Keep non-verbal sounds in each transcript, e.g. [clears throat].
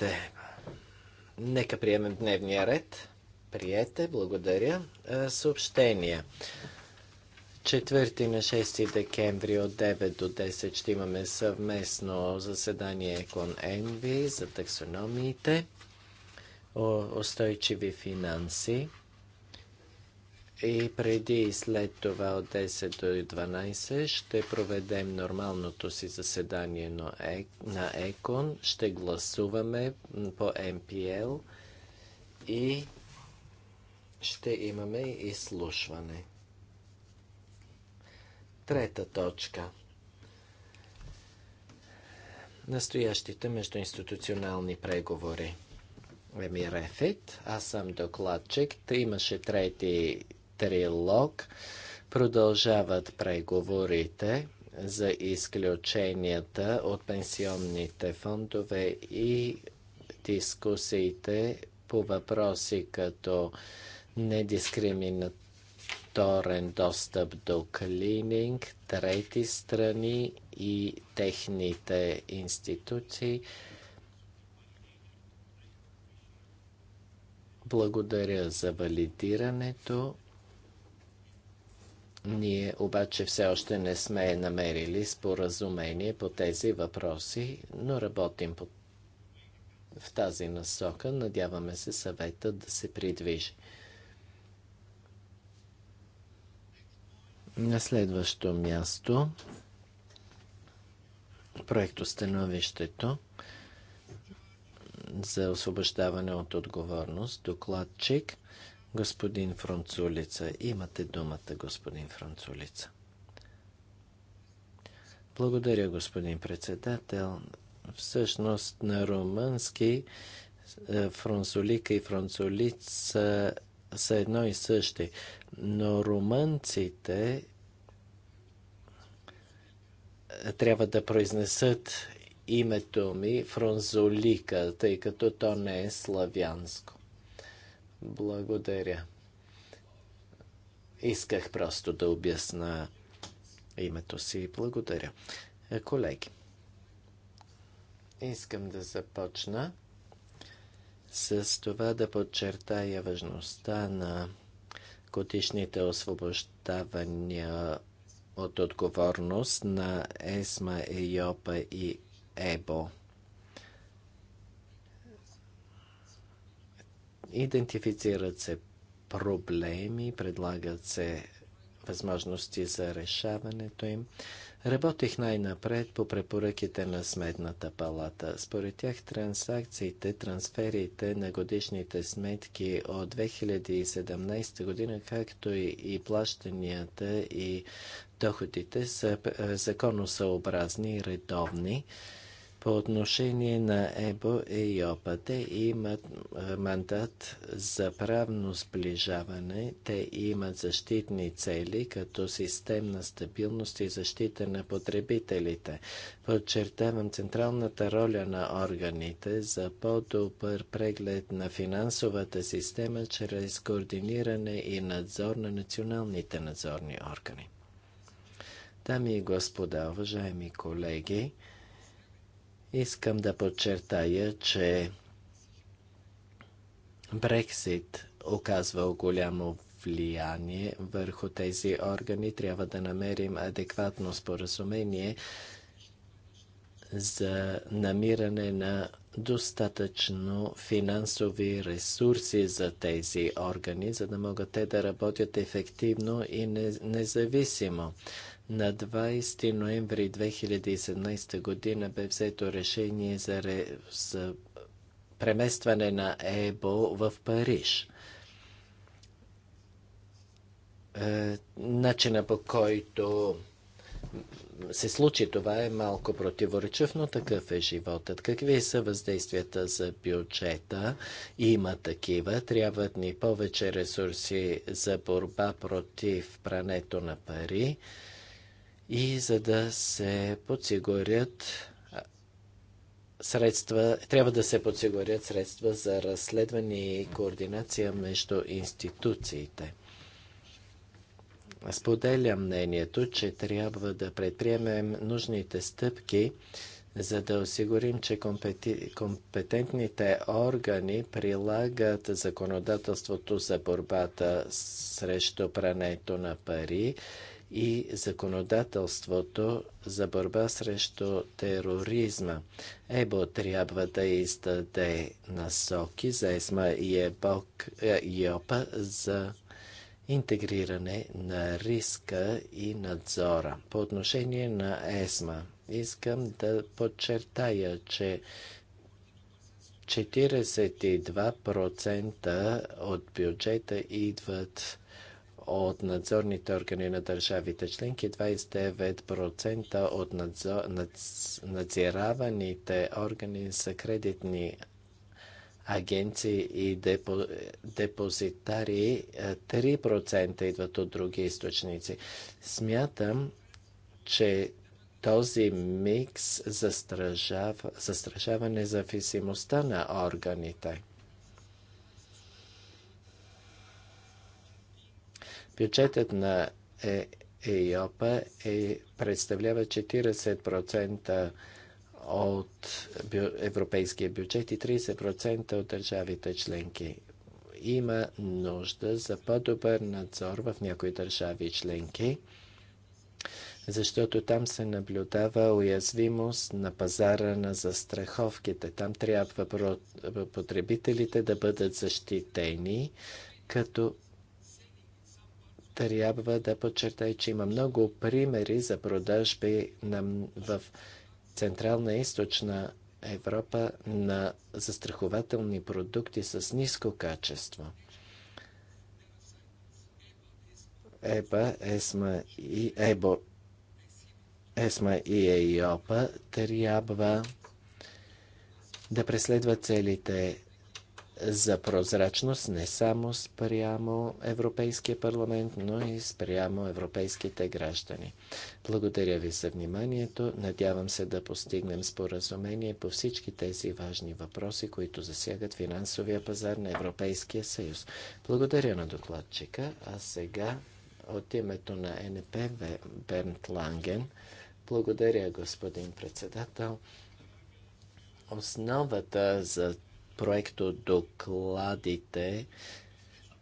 Здравейте! Нека приемем дневния ред. Приете, благодаря. Е, Съобщения. 4 на 6 декември от 9 до 10 ще имаме съвместно заседание кон ЕНВИ за таксономиите, устойчиви финанси. И преди и след това от 10 до 12 ще проведем нормалното си заседание на е-, ЕКОН. Ще гласуваме по МПЛ и ще имаме изслушване. Трета точка. Настоящите междуинституционални преговори. Еми Рефит, аз съм докладчик. Та имаше трети трилог. Продължават преговорите за изключенията от пенсионните фондове и дискусиите по въпроси като недискриминаторен достъп до клининг, трети страни и техните институции. Благодаря за валидирането ние обаче все още не сме намерили споразумение по тези въпроси, но работим по в тази насока. Надяваме се съвета да се придвижи. На следващо място проектостановището за освобождаване от отговорност. Докладчик Господин Францулица, имате думата, господин Францулица. Благодаря, господин председател. Всъщност на румънски е, францулика и францулица са, са едно и същи, но румънците е, трябва да произнесат името ми франзолика, тъй като то не е славянско. Благодаря. Исках просто да обясна името си благодаря. Е, колеги, искам да започна с това да подчертая важността на годишните освобождавания от отговорност на ЕСМА, ЕЙОПА и ЕБО. Идентифицират се проблеми, предлагат се възможности за решаването им. Работих най-напред по препоръките на Сметната палата. Според тях транзакциите, трансферите на годишните сметки от 2017 година, както и, и плащанията и доходите са е, законосъобразни и редовни. По отношение на ЕБО и ЙОПА, те имат мандат за правно сближаване, те имат защитни цели, като системна стабилност и защита на потребителите. Подчертавам централната роля на органите за по-добър преглед на финансовата система чрез координиране и надзор на националните надзорни органи. Дами и господа, уважаеми колеги, Искам да подчертая, че Брексит оказва голямо влияние върху тези органи. Трябва да намерим адекватно споразумение за намиране на достатъчно финансови ресурси за тези органи, за да могат те да работят ефективно и независимо. На 20 ноември 2017 година бе взето решение за, ре... за преместване на ЕБО в Париж. Е, начина по който се случи това е малко противоречив, но такъв е животът. Какви са въздействията за бюджета? Има такива. Трябват ни повече ресурси за борба против прането на пари. Е, и за да се подсигурят средства, трябва да се подсигурят средства за разследване и координация между институциите. Споделям мнението, че трябва да предприемем нужните стъпки, за да осигурим, че компетентните органи прилагат законодателството за борбата срещу прането на пари и законодателството за борба срещу тероризма. ЕБО трябва да издаде насоки за ЕСМА и ЕБОК, е, ЕОПА за интегриране на риска и надзора. По отношение на ЕСМА, искам да подчертая, че 42% от бюджета идват от надзорните органи на държавите членки, 29% от надзор, надз, надзираваните органи са кредитни агенции и депо, депозитари, 3% е, идват от други източници. Смятам, че този микс застрашава, застрашава независимостта на органите. Бюджетът на ЕИОПА е, представлява 40% от бю, европейския бюджет и 30% от държавите членки. Има нужда за по-добър надзор в някои държави членки, защото там се наблюдава уязвимост на пазара на застраховките. Там трябва потребителите да бъдат защитени, като трябва да подчертая, че има много примери за продажби на, в Централна и Източна Европа на застрахователни продукти с ниско качество. ЕБА, ЕСМА и ЕБО, ЕСМА и ЕИОПА трябва да преследват целите за прозрачност не само спрямо Европейския парламент, но и спрямо европейските граждани. Благодаря ви за вниманието. Надявам се да постигнем споразумение по всички тези важни въпроси, които засягат финансовия пазар на Европейския съюз. Благодаря на докладчика, а сега от името на НП Бернт Ланген. Благодаря, господин председател. Основата за проектодокладите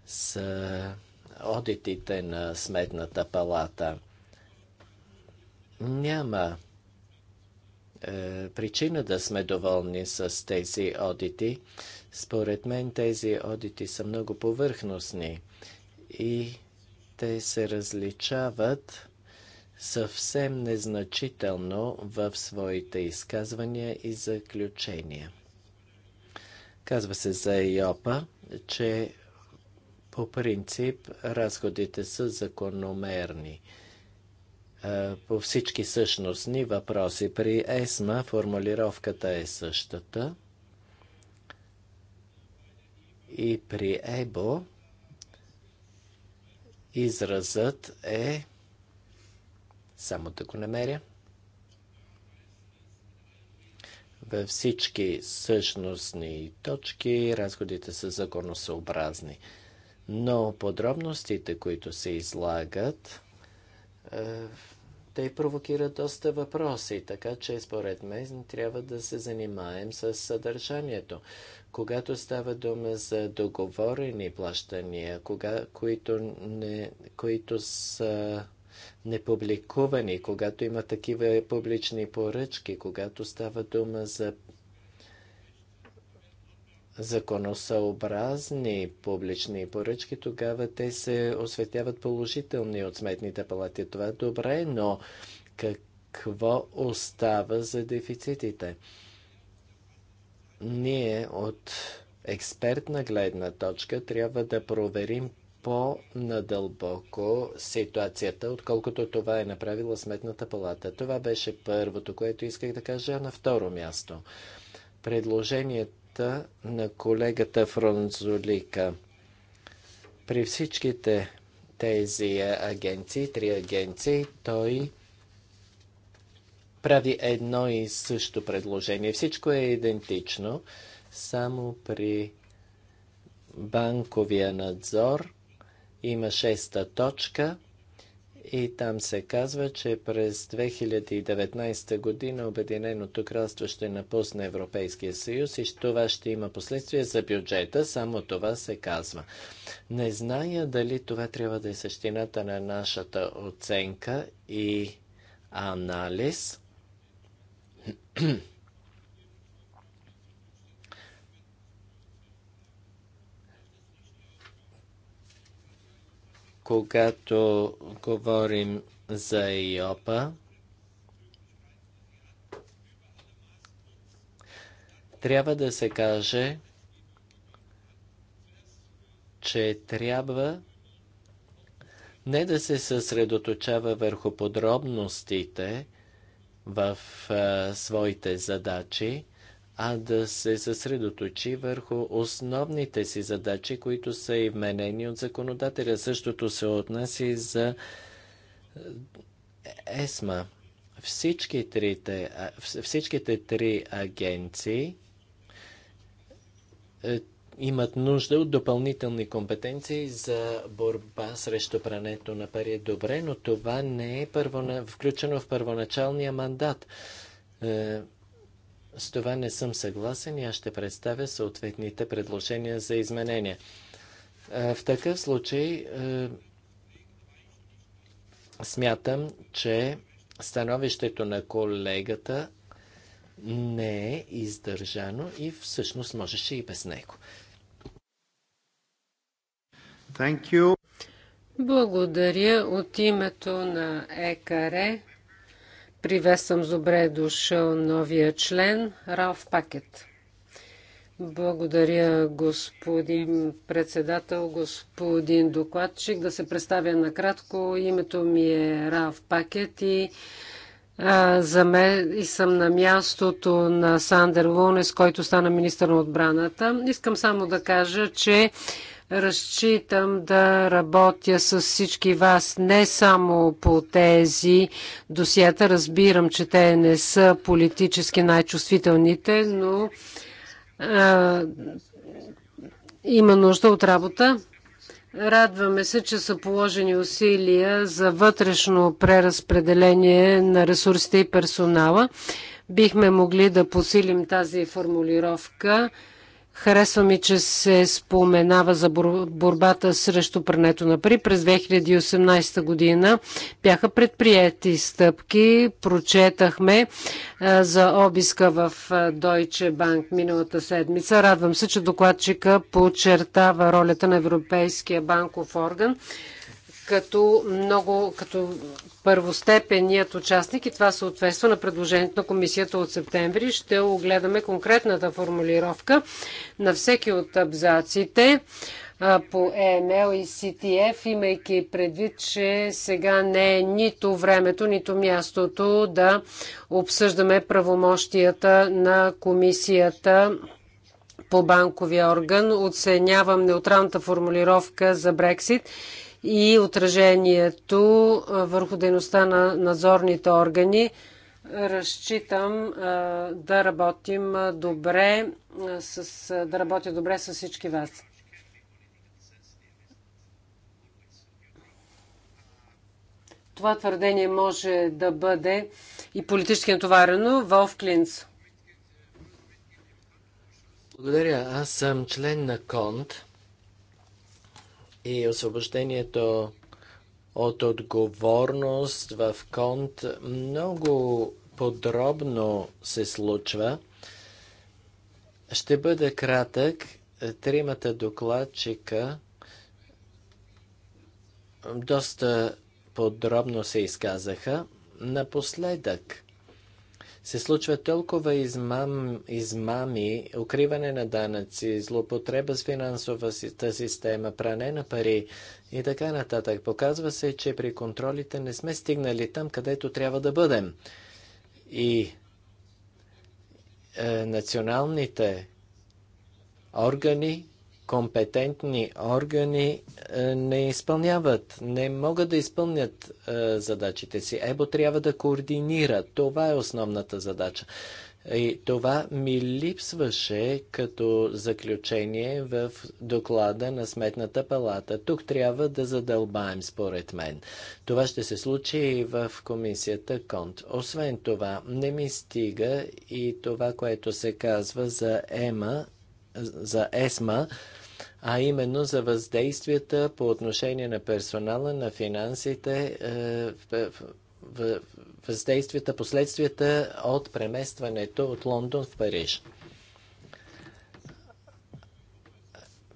с одитите на Сметната палата. Няма е, причина да сме доволни с тези одити. Според мен тези одити са много повърхностни и те се различават съвсем незначително в своите изказвания и заключения. Казва се за ЕОПА, че по принцип разходите са закономерни. По всички същностни въпроси при ЕСМА формулировката е същата. И при ЕБО изразът е само да го намеря. Във всички същностни точки разходите са законосъобразни. Но подробностите, които се излагат, е, те провокират доста въпроси, така че според мен трябва да се занимаем с съдържанието. Когато става дума за договорени плащания, кога, които, не, които са непубликувани, когато има такива публични поръчки, когато става дума за законосъобразни публични поръчки, тогава те се осветяват положителни от сметните палати. Това е добре, но какво остава за дефицитите? Ние от експертна гледна точка трябва да проверим по-надълбоко ситуацията, отколкото това е направила Сметната палата. Това беше първото, което исках да кажа. На второ място, предложенията на колегата Фронзолика. При всичките тези агенции, три агенции, той прави едно и също предложение. Всичко е идентично, само при банковия надзор има шеста точка и там се казва, че през 2019 година Обединеното кралство ще напусне Европейския съюз и това ще има последствия за бюджета, само това се казва. Не зная дали това трябва да е същината на нашата оценка и анализ. [clears throat] когато говорим за ИОПА, трябва да се каже, че трябва не да се съсредоточава върху подробностите в а, своите задачи, а да се съсредоточи върху основните си задачи, които са и вменени от законодателя. Същото се отнася и за е, ЕСМА. Всички трите, всичките три агенции е, имат нужда от допълнителни компетенции за борба срещу прането на пари. Добре, но това не е първона... включено в първоначалния мандат. Е, с това не съм съгласен и аз ще представя съответните предложения за изменения. В такъв случай смятам, че становището на колегата не е издържано и всъщност можеше и без него. Thank you. Благодаря от името на ЕКАРЕ. Приветствам добре дошъл новия член Ралф Пакет. Благодаря, господин председател, господин докладчик. Да се представя накратко. Името ми е Ралф Пакет и а, за мен и съм на мястото на Сандер Лунес, който стана министър на отбраната. Искам само да кажа, че Разчитам да работя с всички вас не само по тези досията. Разбирам, че те не са политически най-чувствителните, но а, има нужда от работа. Радваме се, че са положени усилия за вътрешно преразпределение на ресурсите и персонала. Бихме могли да посилим тази формулировка. Харесва ми, че се споменава за борбата срещу прането на пари. През 2018 година бяха предприяти стъпки. Прочетахме за обиска в Deutsche Bank миналата седмица. Радвам се, че докладчика подчертава ролята на Европейския банков орган като, много, като първостепенният участник и това съответства на предложението на комисията от септември. Ще огледаме конкретната формулировка на всеки от абзаците по ЕМЛ и CTF, имайки предвид, че сега не е нито времето, нито мястото да обсъждаме правомощията на комисията по банковия орган. Оценявам неутралната формулировка за Брексит и отражението върху дейността на надзорните органи. Разчитам да работим добре с, да работя добре с всички вас. Това твърдение може да бъде и политически натоварено. Волф Клинц. Благодаря. Аз съм член на КОНТ и освобождението от отговорност в конт много подробно се случва. Ще бъда кратък. Тримата докладчика доста подробно се изказаха. Напоследък се случват толкова измам, измами, укриване на данъци, злоупотреба с финансовата система, пране на пари и така нататък. Показва се, че при контролите не сме стигнали там, където трябва да бъдем. И е, националните органи компетентни органи е, не изпълняват, не могат да изпълнят е, задачите си. ЕБО трябва да координира. Това е основната задача. И това ми липсваше като заключение в доклада на Сметната палата. Тук трябва да задълбаем, според мен. Това ще се случи и в комисията Конт. Освен това, не ми стига и това, което се казва за ЕМА, за ЕСМА, а именно за въздействията по отношение на персонала, на финансите, е, въздействията, последствията от преместването от Лондон в Париж.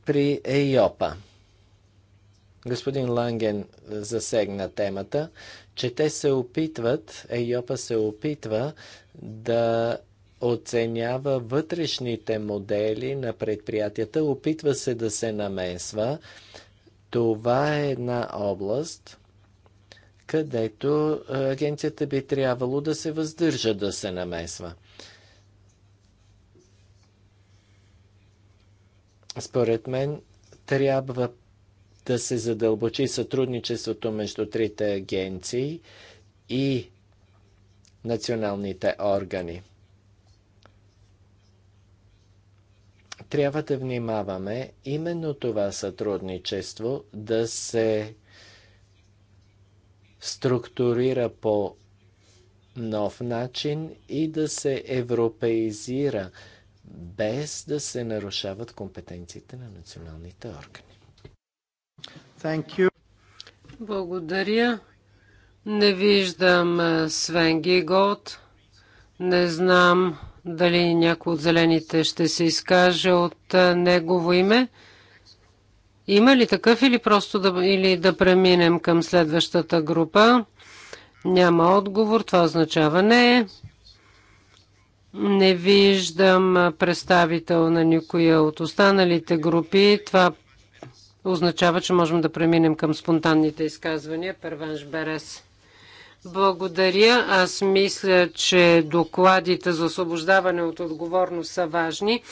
При ЕИОПА. Господин Ланген засегна темата, че те се опитват, ЕИОПА се опитва да оценява вътрешните модели на предприятията, опитва се да се намесва. Това е една област, където агенцията би трябвало да се въздържа да се намесва. Според мен трябва да се задълбочи сътрудничеството между трите агенции и националните органи. трябва да внимаваме именно това сътрудничество да се структурира по нов начин и да се европеизира, без да се нарушават компетенциите на националните органи. Thank you. Благодаря. Не виждам Свен Гигот. Не знам дали някой от зелените ще се изкаже от негово име? Има ли такъв или просто да, или да преминем към следващата група? Няма отговор, това означава не Не виждам представител на никоя от останалите групи. Това означава, че можем да преминем към спонтанните изказвания. Перванш Берес. Благодаря. Аз мисля, че докладите за освобождаване от отговорност са важни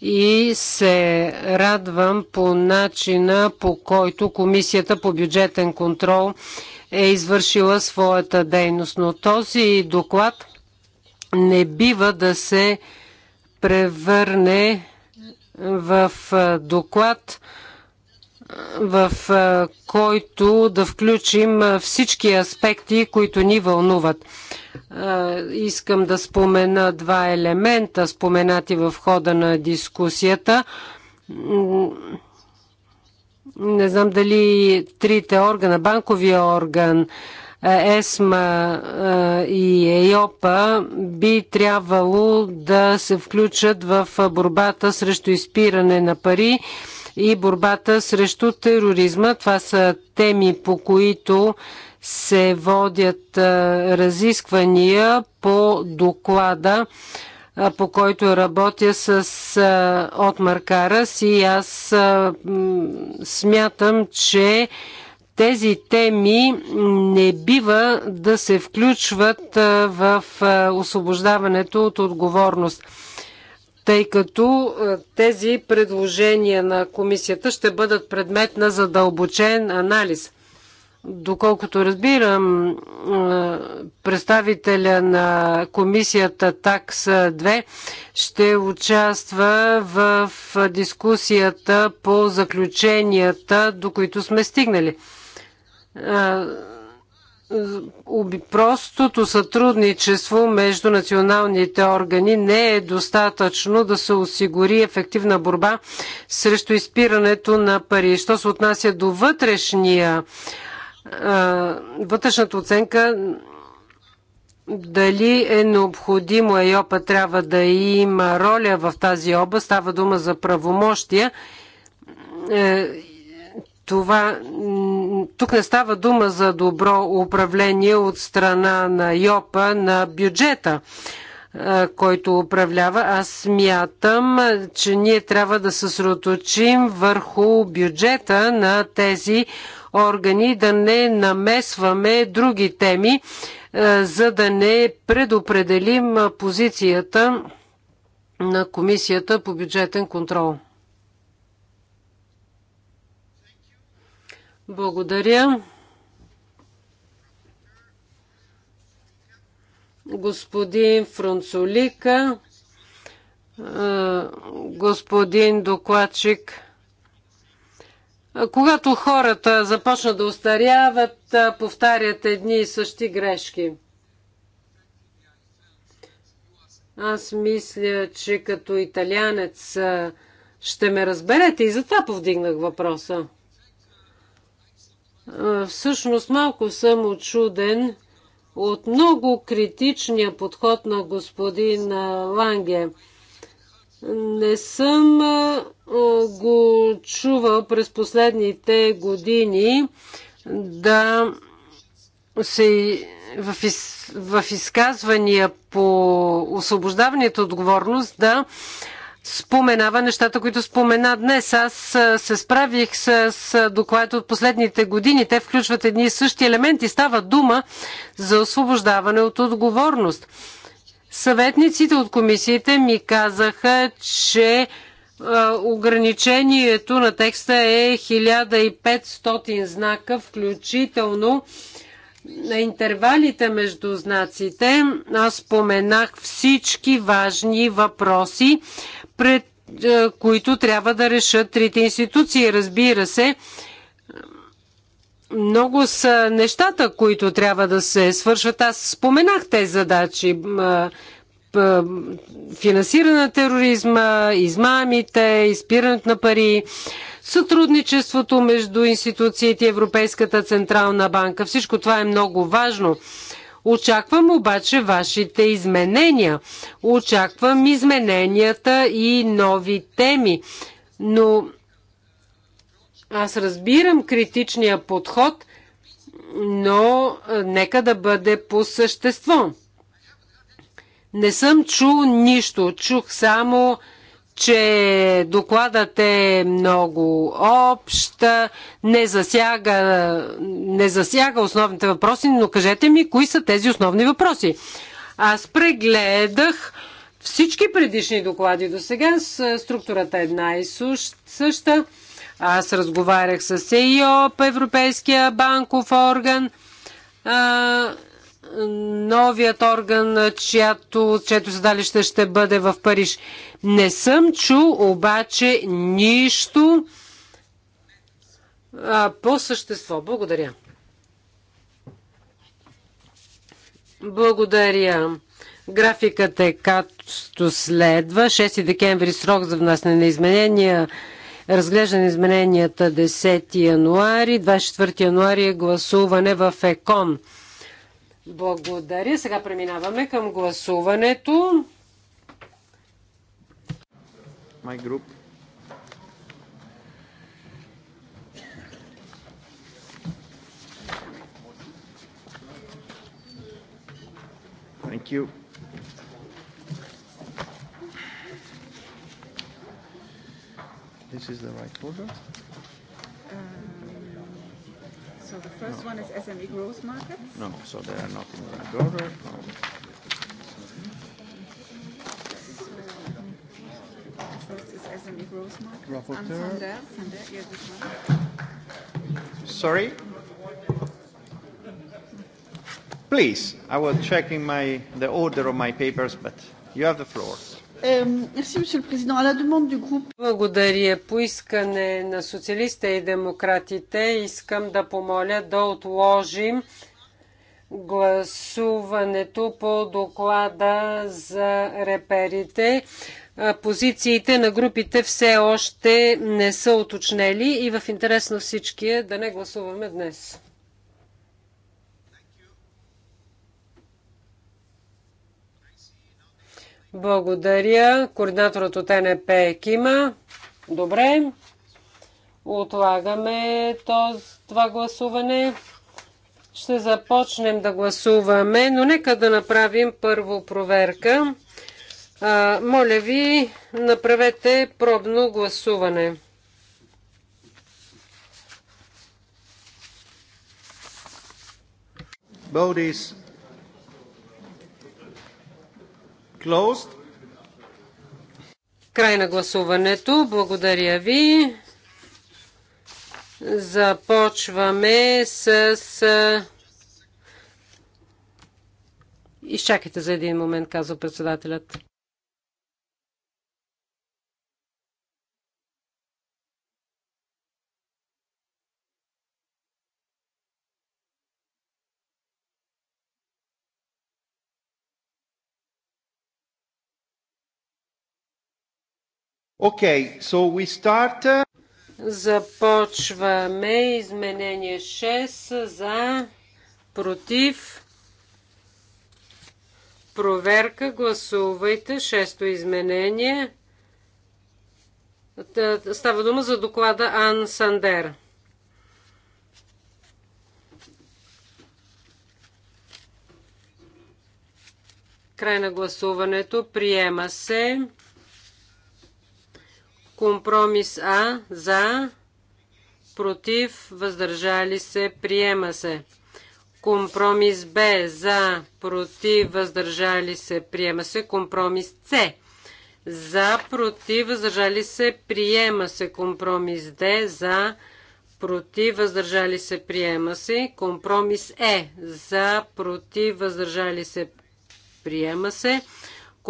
и се радвам по начина, по който Комисията по бюджетен контрол е извършила своята дейност. Но този доклад не бива да се превърне в доклад, в който да включим всички аспекти, които ни вълнуват. Искам да спомена два елемента, споменати в хода на дискусията. Не знам дали трите органа, банковия орган, ЕСМА и ЕОПА би трябвало да се включат в борбата срещу изпиране на пари и борбата срещу тероризма. Това са теми, по които се водят разисквания по доклада, по който работя с Отмар Карас и аз смятам, че тези теми не бива да се включват в освобождаването от отговорност тъй като е, тези предложения на комисията ще бъдат предмет на задълбочен анализ. Доколкото разбирам, е, представителя на комисията ТАКС 2 ще участва в дискусията по заключенията, до които сме стигнали. Е, простото сътрудничество между националните органи не е достатъчно да се осигури ефективна борба срещу изпирането на пари. Що се отнася до вътрешния, вътрешната оценка, дали е необходимо ЕОПА трябва да има роля в тази област, става дума за правомощия е, това, тук не става дума за добро управление от страна на ЙОПа на бюджета, който управлява. Аз смятам, че ние трябва да се сроточим върху бюджета на тези органи, да не намесваме други теми, за да не предопределим позицията на Комисията по бюджетен контрол. Благодаря. Господин Фронцолика, господин докладчик, когато хората започнат да устаряват, повтарят едни и същи грешки. Аз мисля, че като италянец ще ме разберете и затова повдигнах въпроса. Е, всъщност малко съм очуден от много критичния подход на господин е, Ланге. Не съм е, го чувал през последните години да се в, в изказвания по освобождаването отговорност да споменава нещата, които спомена днес. Аз се справих с докладите от последните години. Те включват едни и същи елементи. Става дума за освобождаване от отговорност. Съветниците от комисиите ми казаха, че ограничението на текста е 1500 знака, включително на интервалите между знаците. Аз споменах всички важни въпроси пред е, които трябва да решат трите институции. Разбира се, много са нещата, които трябва да се свършват. Аз споменах тези задачи. Е, финансиране на тероризма, измамите, изпирането на пари, сътрудничеството между институциите и Европейската централна банка. Всичко това е много важно. Очаквам обаче вашите изменения. Очаквам измененията и нови теми. Но аз разбирам критичния подход, но нека да бъде по същество. Не съм чул нищо. Чух само че докладът е много общ, не засяга, не засяга основните въпроси, но кажете ми, кои са тези основни въпроси? Аз прегледах всички предишни доклади до сега, структурата е една и съща. Аз разговарях с ЕИОП, Европейския банков орган, новият орган, чиято, чието седалище ще бъде в Париж. Не съм чул обаче нищо а, по същество. Благодаря. Благодаря. Графикът е както следва. 6 декември срок за внасяне на изменения. Разглеждане на измененията 10 януари. 24 януари е гласуване в ЕКОН. Благодаря. Сега преминаваме към гласуването. My group. Thank you. This is the right order. So the first one is SME growth markets? No, so they are not in the right order. No. Sorry? Please, I was checking my, the order of my papers, but you have the floor. Благодаря. По искане на социалистите и демократите искам да помоля да отложим гласуването по доклада за реперите. Позициите на групите все още не са уточнели и в интерес на всички е да не гласуваме днес. Благодаря. Координаторът от НП е Кима. Добре. Отлагаме това гласуване. Ще започнем да гласуваме, но нека да направим първо проверка. А, моля ви, направете пробно гласуване. Борис closed. Край на гласуването. Благодаря ви. Започваме с... Изчакайте за един момент, казва председателят. Okay, so we start. Uh, Започваме изменение 6 за против. Проверка, гласувайте. Шесто изменение. Става дума за доклада Ан Сандер. Край на гласуването. Приема се. Компромис А за, против, въздържали се, приема се. Компромис Б за, против, въздържали се, приема се. Компромис С за, против, въздържали се, приема се. Компромис Д за, против, въздържали се, приема се. Компромис Е за, против, въздържали се, приема се.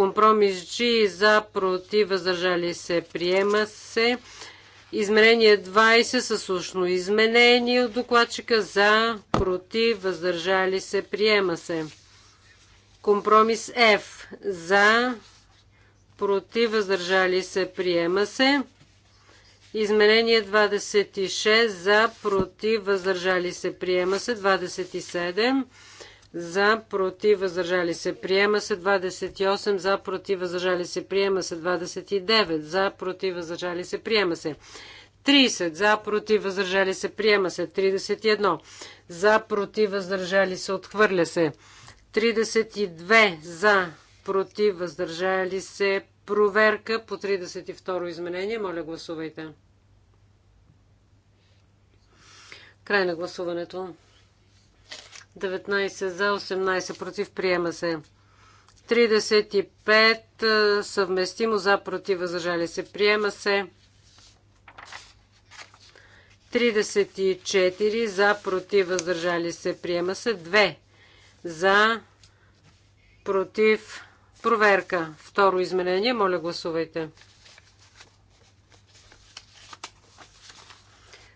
Компромис G за против въздържали се приема се. Измерение 20 с изменение от докладчика за против въздържали се приема се. Компромис F за против въздържали се приема се. Изменение 26 за против въздържали се приема се 27 за, против, въздържали се, приема се 28, за, против, въздържали се, приема се 29, за, против, въздържали се, приема се 30, за, против, въздържали се, приема се 31, за, против, въздържали се, отхвърля се 32, за, против, въздържали се, проверка по 32 изменение, моля гласувайте. Край на гласуването. 19 за, 18 против, приема се. 35 е, съвместимо за, против, възражали се, приема се. 34 за, против, въздържали се, приема се. 2 за, против, проверка. Второ изменение, моля гласувайте.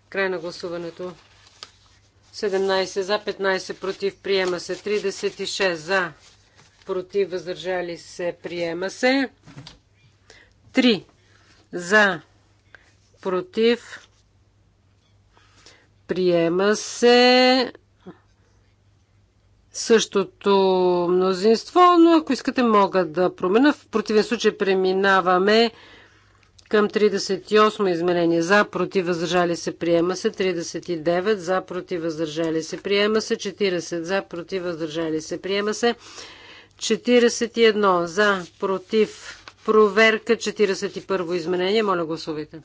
Край на гласуването. 17 за, 15 против, приема се. 36 за, против, въздържали се, приема се. 3 за, против, приема се. Същото мнозинство, но ако искате мога да променя. В противен случай преминаваме към 38 изменение за против въздържали се приема се 39 за против въздържали се приема се 40 за против въздържали се приема се 41 за против проверка 41 изменение моля гласувайте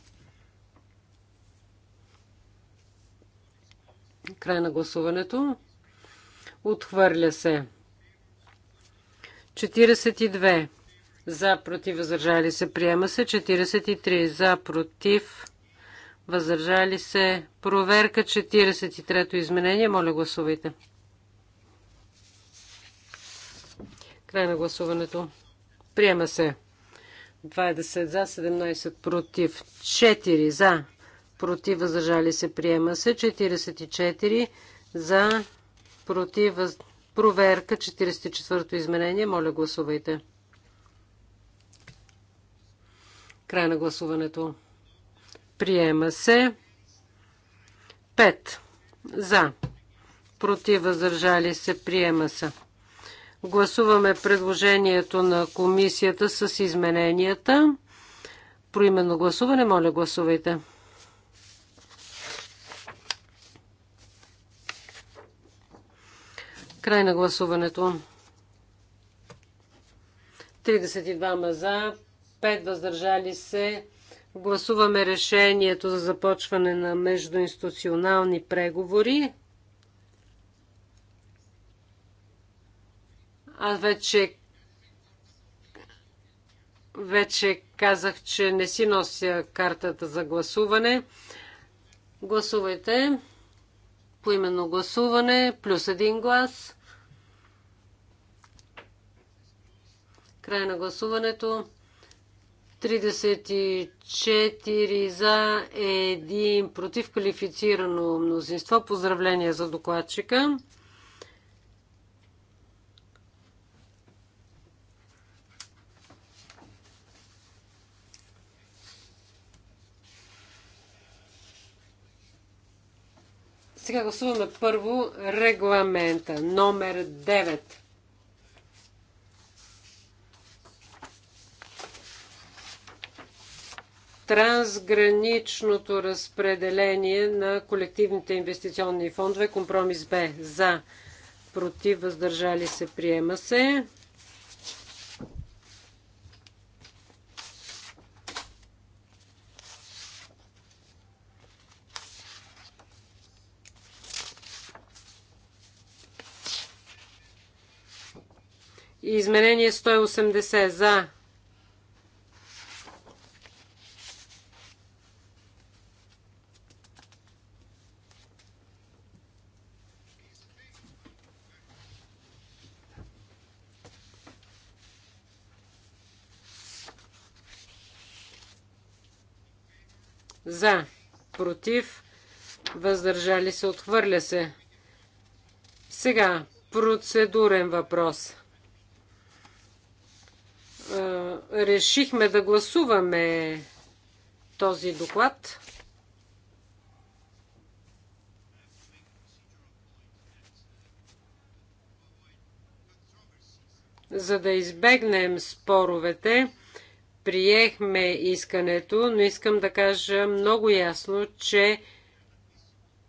край на гласуването отхвърля се 42 за против въздържали се приема се 43 за против въздържали се проверка 43-то изменение моля гласувайте край на гласуването приема се 20 за 17 против 4 за против въздържали се приема се 44 за против въз... проверка 44-то изменение моля гласувайте Край на гласуването. Приема се. 5. За. Против въздържали се. Приема се. Гласуваме предложението на комисията с измененията. Проименно гласуване. Моля, гласувайте. Край на гласуването. 32 за, 5 въздържали се. Гласуваме решението за започване на междуинституционални преговори. Аз вече вече казах, че не си нося картата за гласуване. Гласувайте по именно гласуване, плюс един глас. Край на гласуването. 34 за, 1 против квалифицирано мнозинство. Поздравление за докладчика. Сега гласуваме първо регламента номер 9. трансграничното разпределение на колективните инвестиционни фондове. Компромис Б за, против, въздържали се, приема се. Изменение 180 за, за, против, въздържали се, отхвърля се. Сега, процедурен въпрос. Решихме да гласуваме този доклад. За да избегнем споровете, приехме искането, но искам да кажа много ясно, че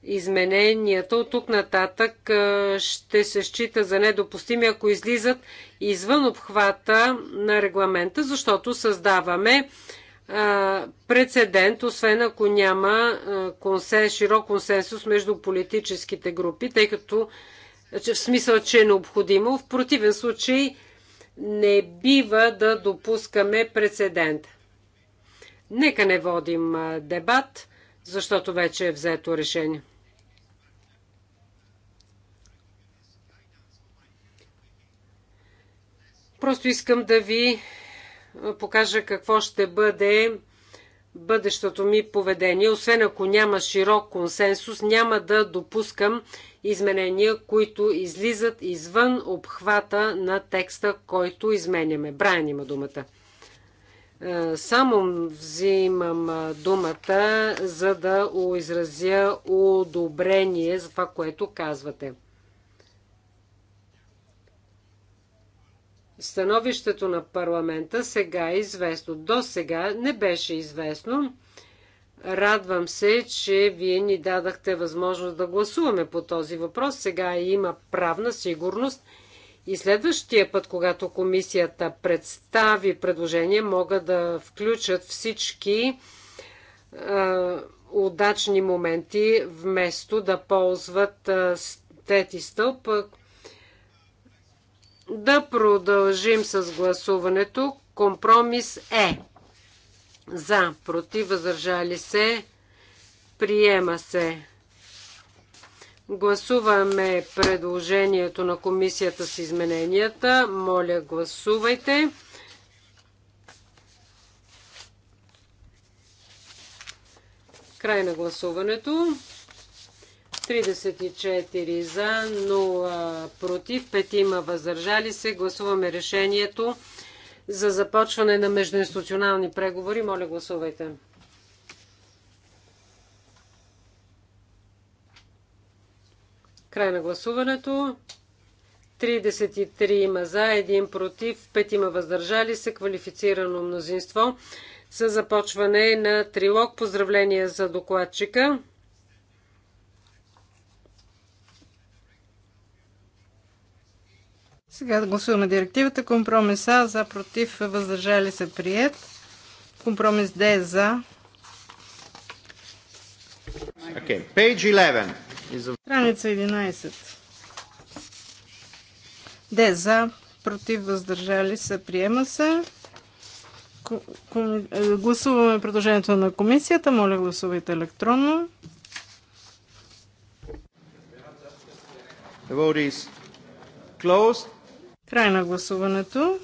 измененията от тук нататък ще се счита за недопустими, ако излизат извън обхвата на регламента, защото създаваме прецедент, освен ако няма консенс, широк консенсус между политическите групи, тъй като в смисъл, че е необходимо. В противен случай не бива да допускаме прецедент. Нека не водим дебат, защото вече е взето решение. Просто искам да ви покажа какво ще бъде бъдещото ми поведение. Освен ако няма широк консенсус, няма да допускам изменения, които излизат извън обхвата на текста, който изменяме. Брайан има думата. Е, само взимам е, думата, за да изразя одобрение за това, което казвате. становището на парламента сега е известно. До сега не беше известно. Радвам се, че вие ни дадахте възможност да гласуваме по този въпрос. Сега има правна сигурност и следващия път, когато комисията представи предложение, могат да включат всички а, удачни моменти, вместо да ползват а, тети стълб, да продължим с гласуването. Компромис е. За, против, въздържали се. Приема се. Гласуваме предложението на комисията с измененията. Моля, гласувайте. Край на гласуването. 34 за, 0 против, 5 има въздържали се. Гласуваме решението за започване на междуинституционални преговори. Моля, гласувайте. Край на гласуването. 33 има за, 1 против, 5 има въздържали се, квалифицирано мнозинство за започване на трилог. Поздравления за докладчика. Сега да гласуваме директивата. Компромиса за против въздържали се прият. Компромис Д за. Okay. Page 11. A... Страница 11. Д за против въздържали се приема се. Е, гласуваме предложението на комисията. Моля гласувайте електронно. The vote is closed. Край на гласуването.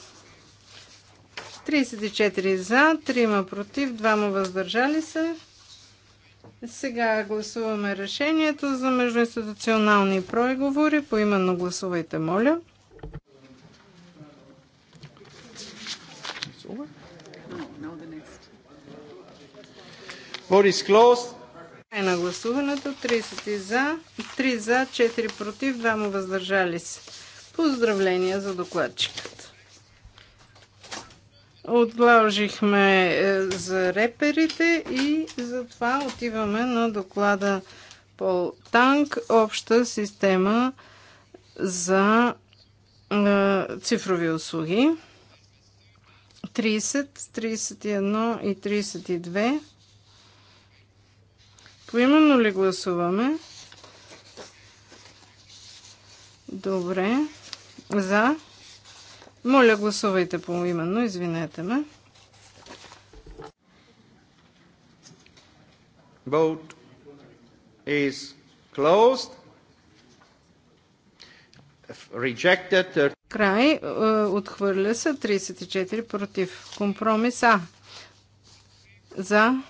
34 за, 3 против, 2 въздържали се. Сега гласуваме решението за междуинституционални преговори. Поименно гласувайте, моля. Борис Клоус. Край на гласуването. 30 за, 3 за, 4 против, 2 въздържали се. Поздравления за докладчиката. Отложихме е, за реперите и затова отиваме на доклада Пол Танк Обща система за е, цифрови услуги. 30, 31 и 32. Поименно ли гласуваме? Добре. За. Моля, гласувайте по именно, извинете ме. Vote is closed. Rejected. Край. Е, отхвърля се 34 против. Компромиса. За.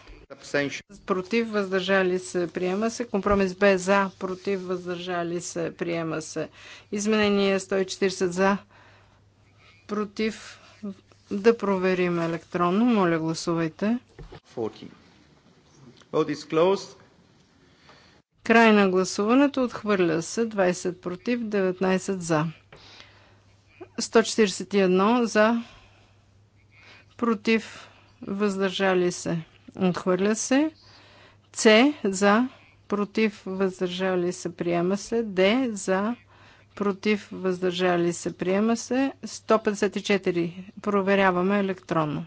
Против въздържали се, приема се. Компромис Б за, против въздържали се, приема се. Изменение 140 за, против да проверим електронно. Моля, гласувайте. 14. Край на гласуването отхвърля се 20 против, 19 за. 141 за, против, въздържали се. Отхвърля се. С за против въздържали се приема се. Д за против въздържали се приема се. 154. Проверяваме електронно.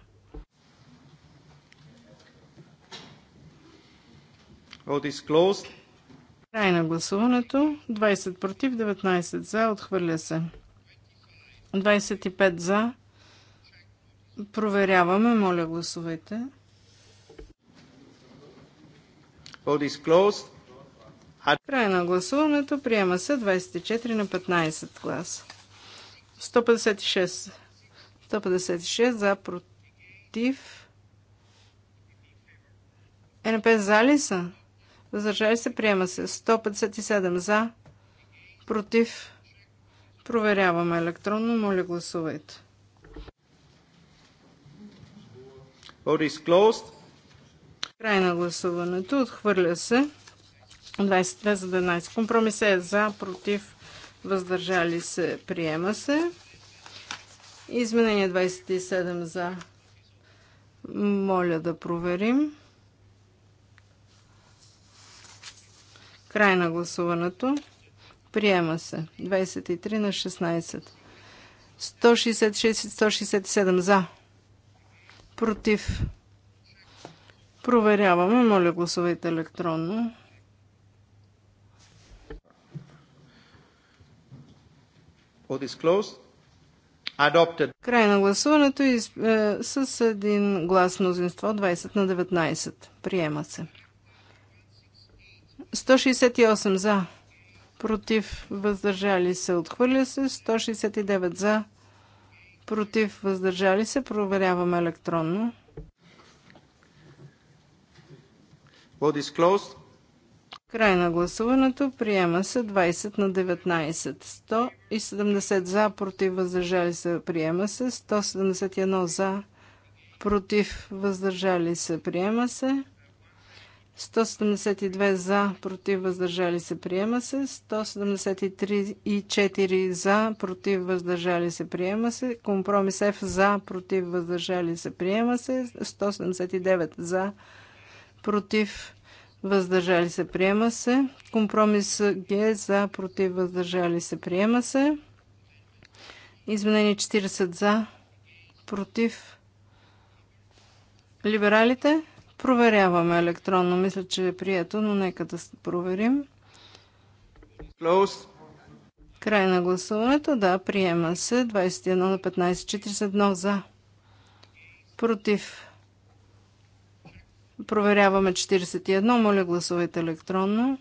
Край на гласуването. 20 против, 19 за. Отхвърля се. 25 за. Проверяваме. Моля, гласувайте. Край на гласуването. Приема се 24 на 15 гласа. 156. 156 за против. Е, НП за ли са? Въздържали се. Приема се 157 за против. Проверяваме електронно. Моля гласувайте. Vote is closed. Край на гласуването. Отхвърля се. 23 за 11. Компромис е за, против, въздържали се, приема се. Изменение 27 за. Моля да проверим. Край на гласуването. Приема се. 23 на 16. 166 и 167 за. Против. Проверяваме. Моля, гласувайте електронно. Край на гласуването и, е, с един глас мнозинство 20 на 19. Приема се. 168 за. Против въздържали се. Отхвърля се. 169 за. Против въздържали се. Проверяваме електронно. Край на гласуването. Приема се 20 на 19. 170 за, против, въздържали се. Приема се. 171 за, против, въздържали се. Приема се. 172 за, против, въздържали се. Приема се. 173 и 4 за, против, въздържали се. Приема се. Компромис F за, против, въздържали се. Приема се. 179 за, против, против, въздържали се, приема се. Компромис Г за, против, въздържали се, приема се. Изменение 40 за, против. Либералите? Проверяваме електронно. Мисля, че е прието, но нека да проверим. Close. Край на гласуването. Да, приема се. 21 на 15, 41 за. Против. Проверяваме 41. Моля, гласувайте електронно.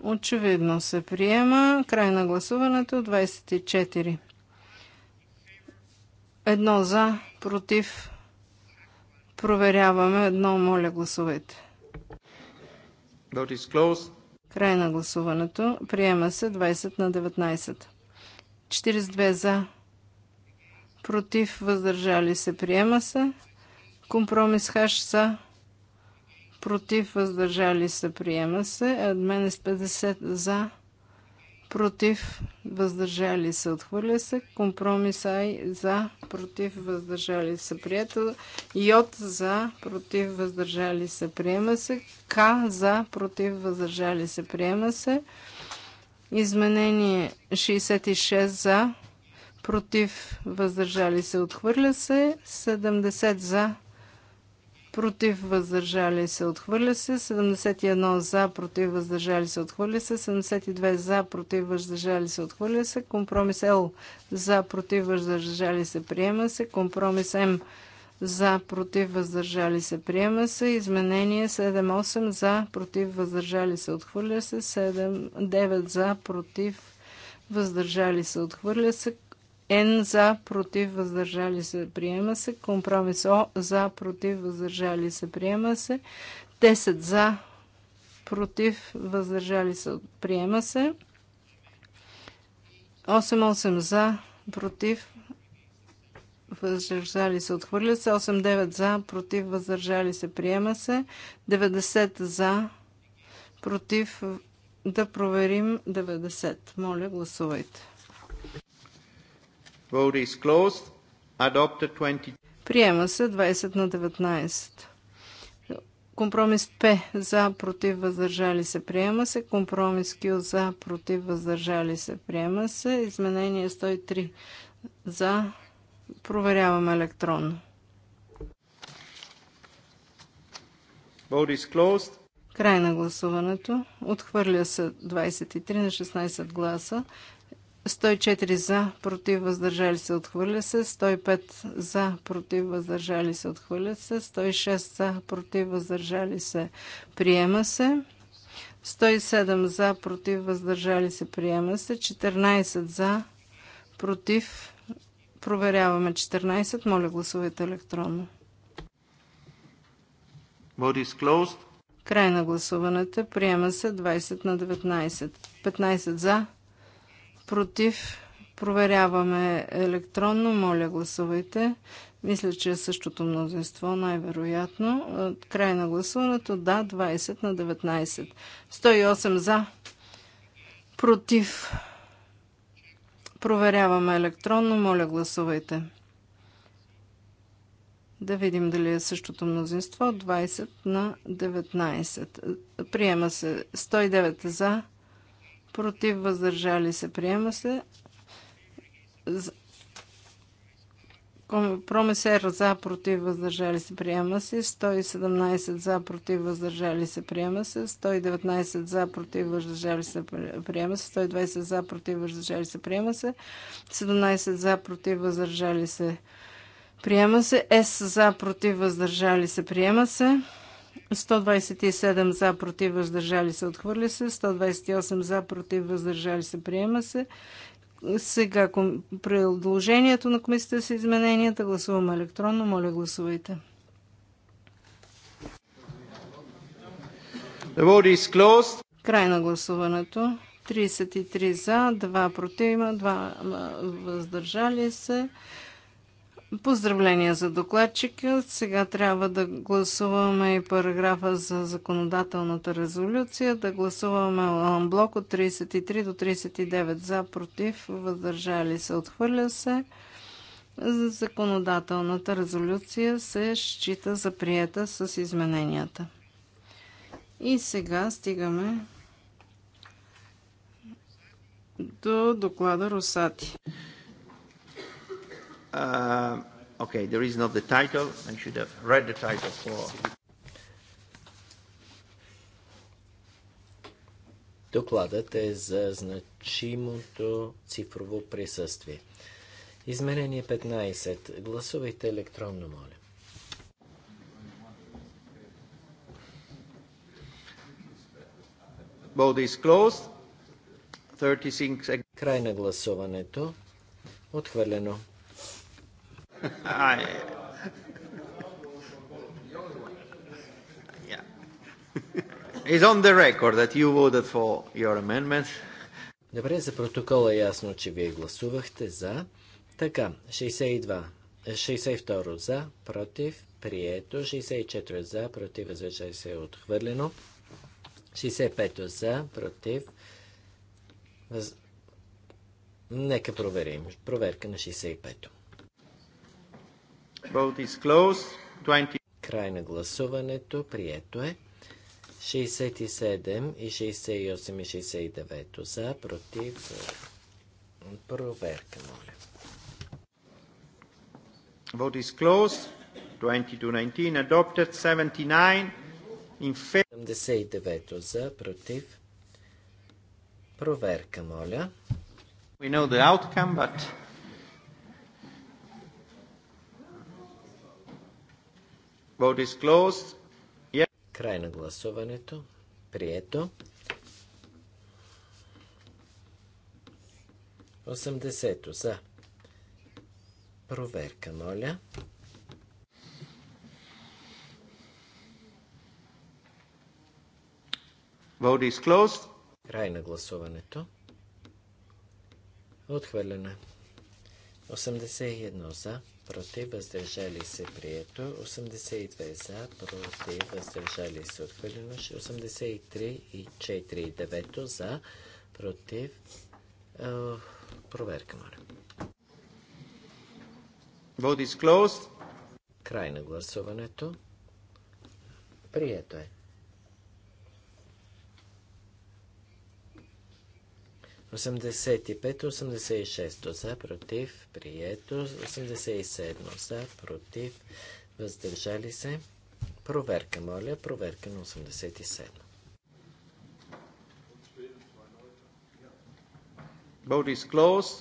Очевидно се приема. Край на гласуването 24. Едно за, против. Проверяваме. Едно, моля, гласувайте. Край на гласуването. Приема се 20 на 19. 42 за, против, въздържали се. Приема се. Компромис хаш са против, въздържали се, приема се. Адмен с 50 за против, въздържали се, отхвърля се. Компромис Ай за, против, въздържали се, прието. Йот за, против, въздържали се, приема се. К за, против, въздържали се, приема се. Изменение 66 за, против, въздържали се, отхвърля се. 70 за, против въздържали се, отхвърля се, 71 за, против въздържали се, отхвърля се, 72 за, против въздържали се, отхвърля се, компромис Л за, против въздържали се, приема се, компромис М за, против въздържали се, приема се, изменение 7-8 за, против въздържали се, отхвърля се, 7-9 за, против въздържали се, отхвърля се, н за, против, въздържали се, приема се. Компромис О за, против, въздържали се, приема се. 10 за, против, въздържали се, приема се. 8-8 за, против, въздържали се, отхвърля се. 8-9 за, против, въздържали се, приема се. 90 за, против, да проверим 90. Моля, гласувайте. Vote is closed. Adopted 20. Приема се 20 на 19. Компромис П за против въздържали се приема се. Компромис Q за против въздържали се приема се. Изменение 103 за проверяваме електронно. Vote is closed. Край на гласуването. Отхвърля се 23 на 16 гласа. 104 за, против, въздържали се, отхвърля се. 105 за, против, въздържали се, отхвърля се. 106 за, против, въздържали се, приема се. 107 за, против, въздържали се, приема се. 14 за, против, проверяваме 14. Моля, гласувайте електронно. Край на гласуването. Приема се 20 на 19. 15 за, против, проверяваме електронно, моля гласувайте. Мисля, че е същото мнозинство, най-вероятно. Е, край на гласуването, да, 20 на 19. 108 за, против, проверяваме електронно, моля гласувайте. Да видим дали е същото мнозинство. 20 на 19. Приема се 109 за, против, въздържали се, приема се. Промесер за, против, въздържали се, приема се. 117 за, против, въздържали се, приема се. 119 за, против, въздържали се, приема се. 120 за, против, въздържали се, приема се. 17 за, против, въздържали се, приема се. С за, против, въздържали се, приема се. 127 за, против, въздържали се, отхвърля се. 128 за, против, въздържали се, приема се. Сега предложението на комисията с измененията гласуваме електронно. Моля, гласувайте. The vote is closed. Край на гласуването. 33 за, 2 против, 2 въздържали се. Поздравления за докладчика. Сега трябва да гласуваме и параграфа за законодателната резолюция. Да гласуваме блок от 33 до 39 за, против, въздържали се, отхвърля се. Законодателната резолюция се счита за приета с измененията. И сега стигаме до доклада Русати. Uh, okay, there is not the title. I should have read the title for. Докладът е за значимото цифрово присъствие. Изменение 15. Гласувайте електронно, моля. Vote is closed. 36... Край на гласуването. Отхвърлено. I, yeah. It's on the record that you voted for your Добре, за протокола е ясно, че вие гласувахте за. Така, 62. 62 за, против, прието. 64 за, против, възвечай се е отхвърлено. 65 за, против. Въз... Нека проверим. Проверка на 65-то. Vote is closed. 20... Край на гласуването. Прието е. 67 и 68 и 69 за, против. Проверка, моля. Vote is closed. 2219 adopted 79 in favor. 79 за, против. Проверка, моля. We know the outcome, but Yeah. Край на гласуването. Прието. 80 за. Проверка, моля. Vote is closed. Край на гласуването. Отхвърлена. 81 е. за против, въздържали се, прието. 82 за, против, въздържали се, отхвърлено. 83 и 4 и 9 за, против. е, проверка, моля. Vote is closed. Край на гласуването. Прието е. 85-86 за, против, прието. 87 за, против, въздържали се. Проверка, моля, проверка на 87. Vote is closed.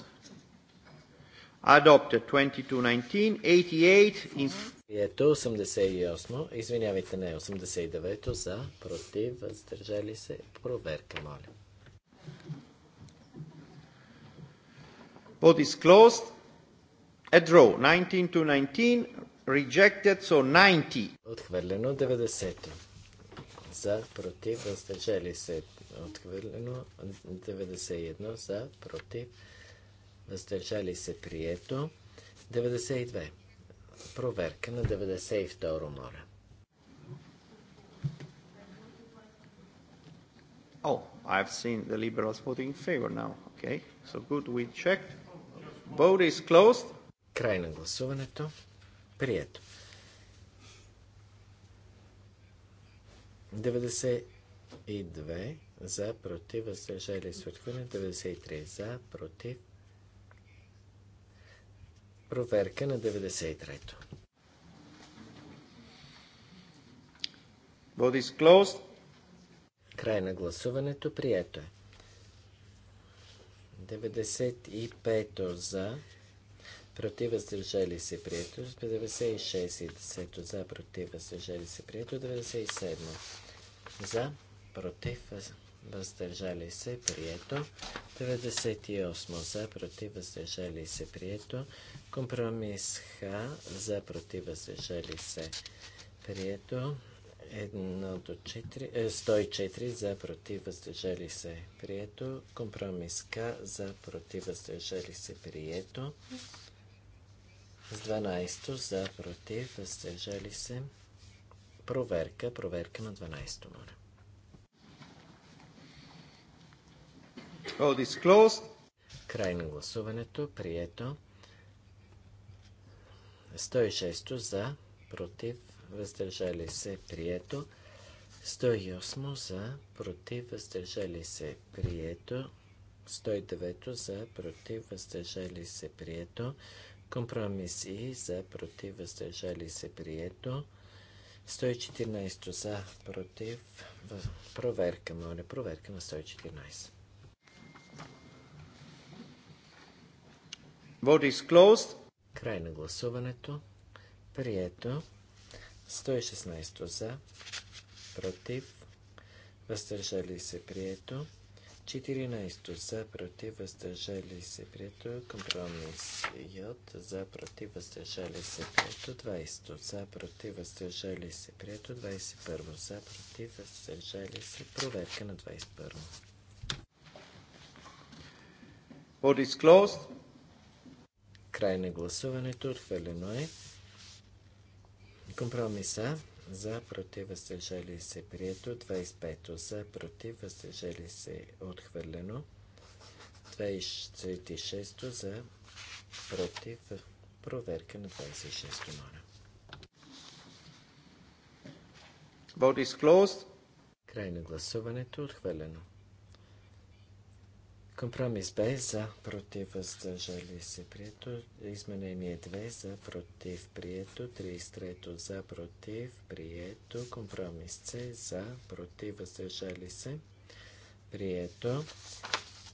Adopted 2219, 88 in... 88, извинявайте, не, 89 за, против, въздържали се, проверка, моля. Vote is closed. A draw. 19 to 19. Rejected. So 90. Отхвърлено 90. За, против, въздържали се. Отхвърлено 91. За, против, въздържали се. Прието. 92. Проверка на 92, моля. Oh, I've seen the liberals voting in favor now. Okay, so good, we checked. Vote is closed. Край на гласуването. Прието. 92 за, против, въздържали се отхвърляне. 93 за, против. Проверка на 93-то. Vote is closed. Край на гласуването. Прието е. 95 за, против въздържали се прието, 96 и 10 за, против въздържали се прието, 97 за, против въздържали се прието, 98 за, против въздържали се прието, компромис Х за, против въздържали се прието, 1 до 4, 104 е, за против въздържали се прието. Компромис К за против въздържали се прието. С 12 за против въздържали се. Проверка, проверка на 12 то Vote Край на гласуването. Прието. 106 за, против, въздържали се, прието. 108 за, против, въздържали се, прието. 109 за, против, въздържали се, прието. Компромис и за, против, въздържали се, прието. 114 за, против. Проверка, моля, проверка на 114. Vote is closed. Край на гласуването. Прието. 116 за, против, въздържали се прието. 14 за, против, въздържали се прието. Компромис йод за, против, въздържали се прието. 20 за, против, въздържали се прието. 21 за, против, въздържали се. Проверка на 21. Vote is closed. Край на гласуването. Отхвърлено е. Компромиса за против въздържали се прието, 25 за против въздържали се отхвърлено, 26 за против проверка на 26 моля. Vote is closed. Край на гласуването отхвърлено. Компромис Б за против въздържали се прието. Изменение 2 за против прието. 33 за против прието. Компромис С за против въздържали се прието.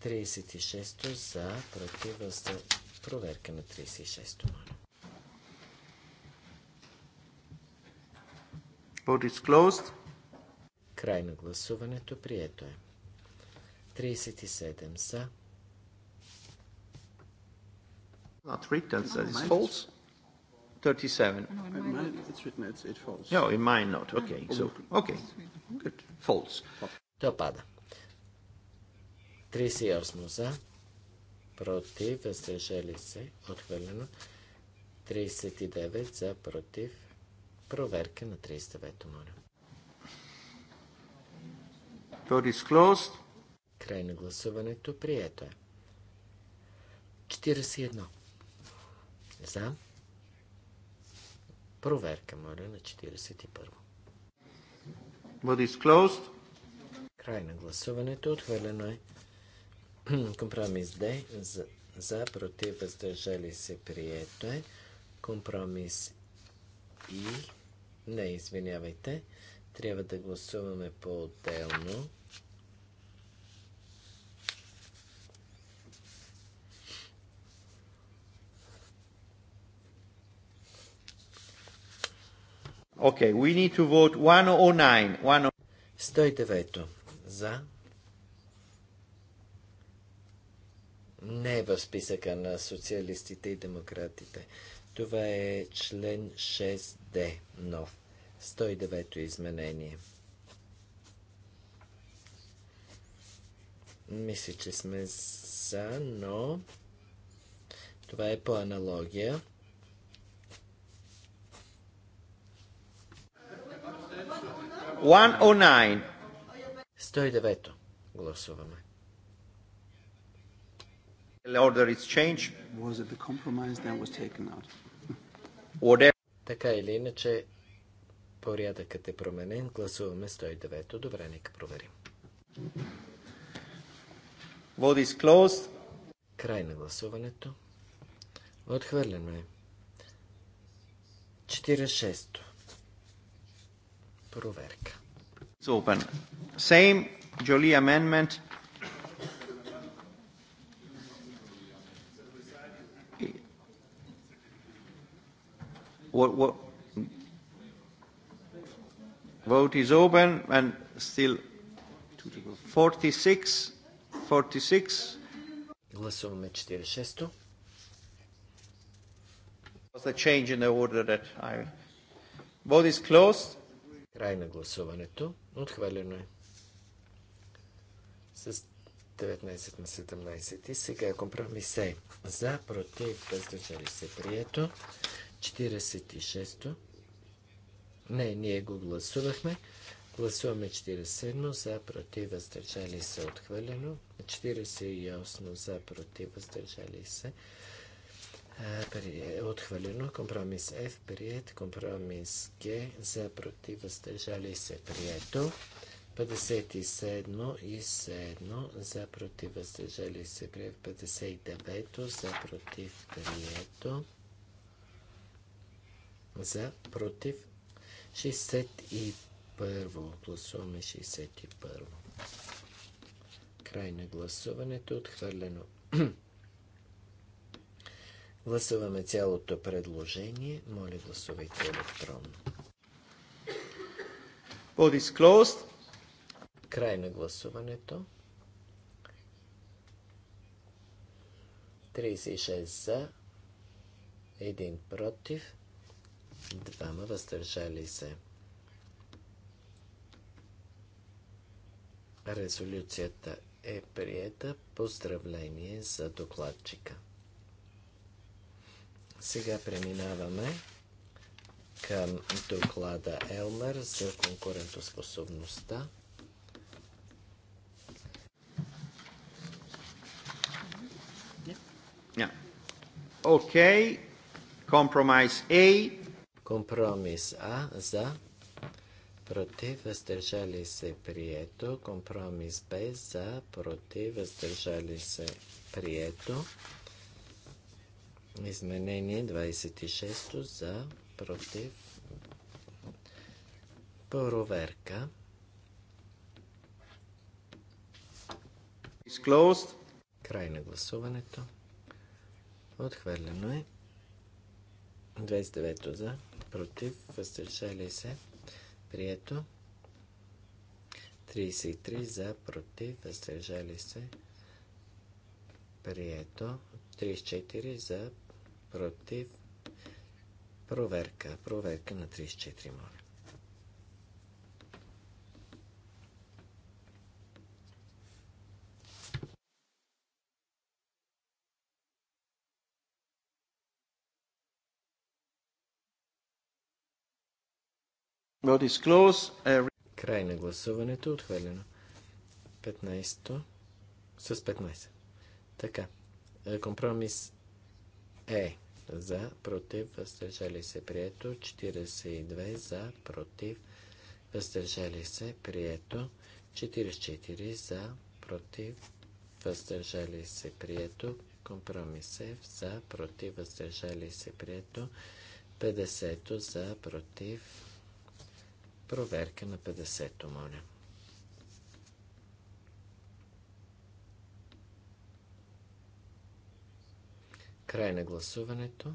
36 за против въздържали Проверка на 36-то, Vote is closed. Край на гласуването. Прието е. 37 за. Not written, so it's false. 37. No, in mine it's written, it's, it falls. No, in mine not. Okay, so, okay. Good. False. То пада. 38 за. Против, въздържали се, отхвърлено. 39 за, против. Проверка на 39-то, моля. Vote is closed. Край на гласуването. Прието е. 41. За. Проверка, моля, на 41. Бъде изклоуст. Край на гласуването. Отхвърлено е. [clears throat] Компромис Д. За, за против, въздържали се. Прието е. Компромис И. Не, извинявайте. Трябва да гласуваме по-отделно. Okay, we need to vote 109. 109. За. Не е в списъка на социалистите и демократите. Това е член 6D, нов. 109 изменение. Мисля, че сме за, но това е по аналогия. 109. Гласуваме. Така или иначе, порядъкът е променен. Гласуваме 109. Добре, нека проверим. Край на гласуването. Отхвърлено е. 46 проверка. It's open. Same Jolie amendment. What, what? Vote is open and still 46. 46. Was the change in the order that I... Vote is closed. Край на гласуването. Отхвалено е. С 19 на 17. И сега компромис е за, против, въздържали се прието. 46-то. Не, ние го гласувахме. Гласуваме 47 за, против, въздържали се, отхвърлено. 48 за, против, въздържали се, е отхвърлено, компромис F прият, компромис G за против въздържали се прието, 57 и 7 за против въздържали се прието, 59 за против прието, за против 61 гласуваме 61 край на гласуването отхвърлено [clears throat] Гласуваме цялото предложение. Моля, гласувайте електронно. Vote is closed. Край на гласуването. 36 за, 1 против, 2 въздържали се. Резолюцията е приета. Поздравление за докладчика. Сега преминаваме към доклада Елмер за конкурентоспособността. Окей. Компромис А. Компромис А за. Против, въздържали се, прието. Компромис Б за. Против, въздържали се, прието. Изменение 26 за против. Проверка. Край на гласуването. Отхвърлено е. 29 за против. Въздържали се. Прието. 33 за против. Въздържали се. Прието. 34 за, против, проверка, проверка на 34, моля. Uh, Край на гласуването, отхвърлено. 15 с 15. Така. Е, компромис Е за, против, въздържали се, прието. 42 за, против, въздържали се, прието. 44 за, против, въздържали се, прието. Компромис Е за, против, въздържали се, прието. 50 за, против. Проверка на 50 моля. Край на гласуването.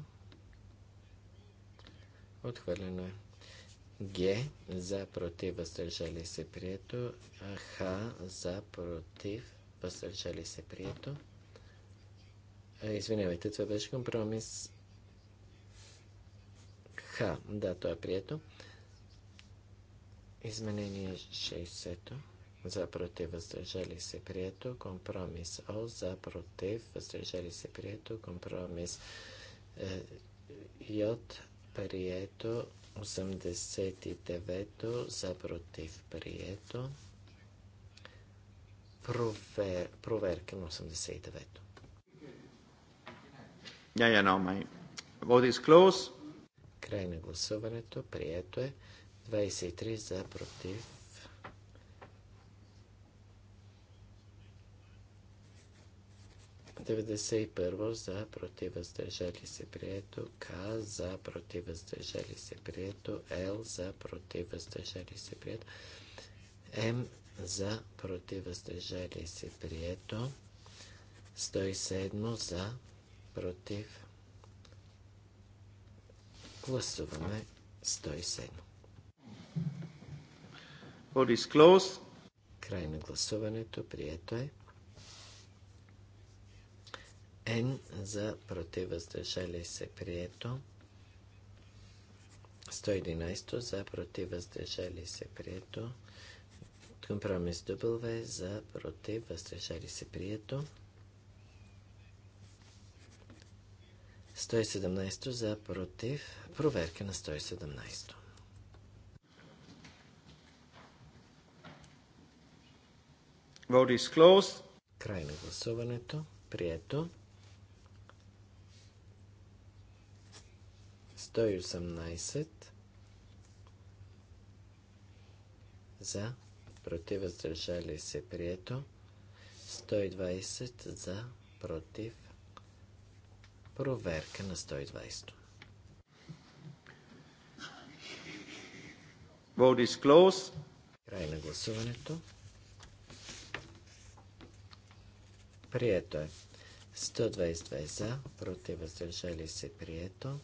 Отхвърлено е. Г за против въздържали се прието. Х за против въздържали се прието. Извинявайте, това беше компромис. Х, да, то е прието. Изменение 60-то за против въздържали се прието, компромис О за против въздържали се прието, компромис J е, прието, 89 за против прието. Провер, проверка на 89-то. Yeah, yeah, no, my vote is Край на гласуването. Прието е. 23 за против 91 за против въздържали се прието, К за против въздържали се прието, Л за против въздържали се прието, М за против въздържали се прието, 107 за против. Гласуваме 107. Vote is Край на гласуването. Прието е. Н за против въздържали се прието. 111 за против въздържали се прието. Компромис W за против въздържали се прието. 117 за против. Проверка на 117. Vote is closed. Край на гласуването. Прието. 118 за, против, въздържали се, прието. 120 за, против, проверка на 120. Vote is close. Край на гласуването. Прието е. 122 за, против, въздържали се, прието.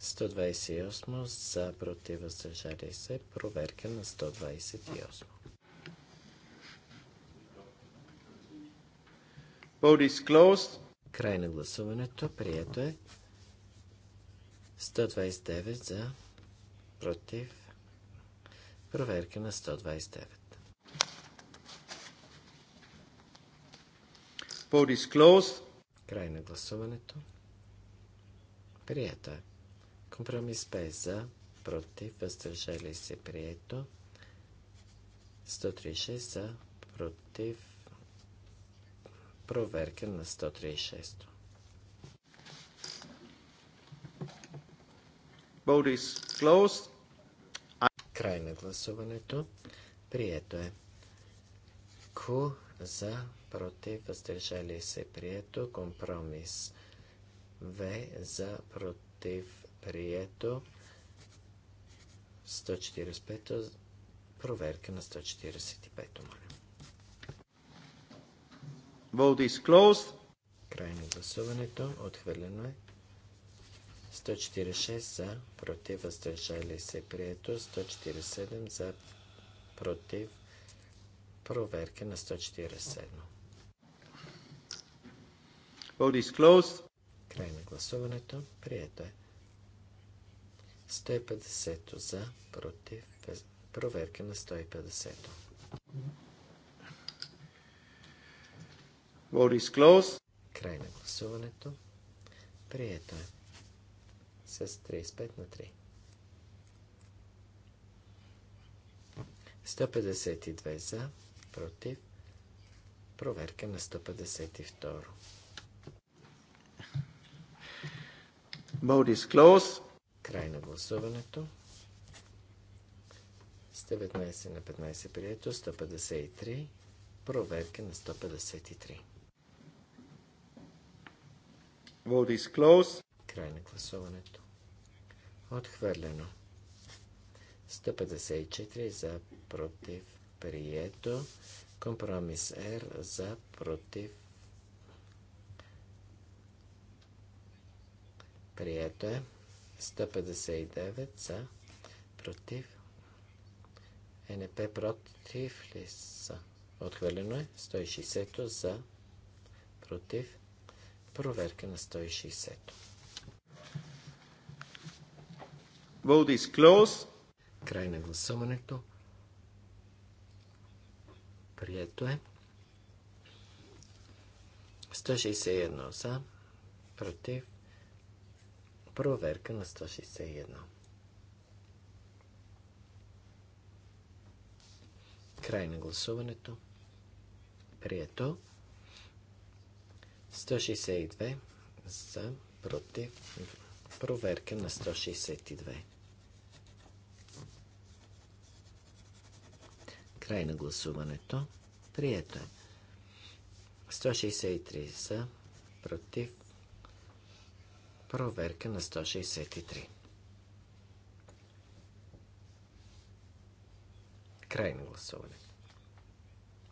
128 за против въздържали се. Проверка на 128. is closed. Край на гласуването. Прието е. 129 за против. Проверка на 129. is closed. Край на гласуването. Прието е. Компромис Б за, против, въздържали се, прието. 136 за, против, проверка на 136. Vote is closed. Край на гласуването. Прието е. Q за, против, въздържали се, прието. Компромис. В за, против, прието. 145 проверка на 145 моля. Vote is closed. Край на гласуването. Отхвърлено е. 146 за, против, въздържали се, прието. 147 за, против, проверка на 147. Vote is closed. Край на гласуването. Прието е. 150 за, против, проверка на 150. Vote is Край на гласуването. Прието е. С 35 на 3. 152 за, против, проверка на 152. Vote is Край на гласуването. С 19 на 15 прието, 153. Проверка на 153. Vote is Край на гласуването. Отхвърлено. 154 за против прието. Компромис Р за против прието е. 159 за, против, НП против ли са? Отхвърлено е 160 за, против, проверка на 160. Vote is closed. Край на гласуването. Прието е. 161 за, против, Проверка на 161. Край на гласуването. Прието. 162 за против. Проверка на 162. Край на гласуването. Прието е. 163 за против. Проверка на 163. Край на гласуване.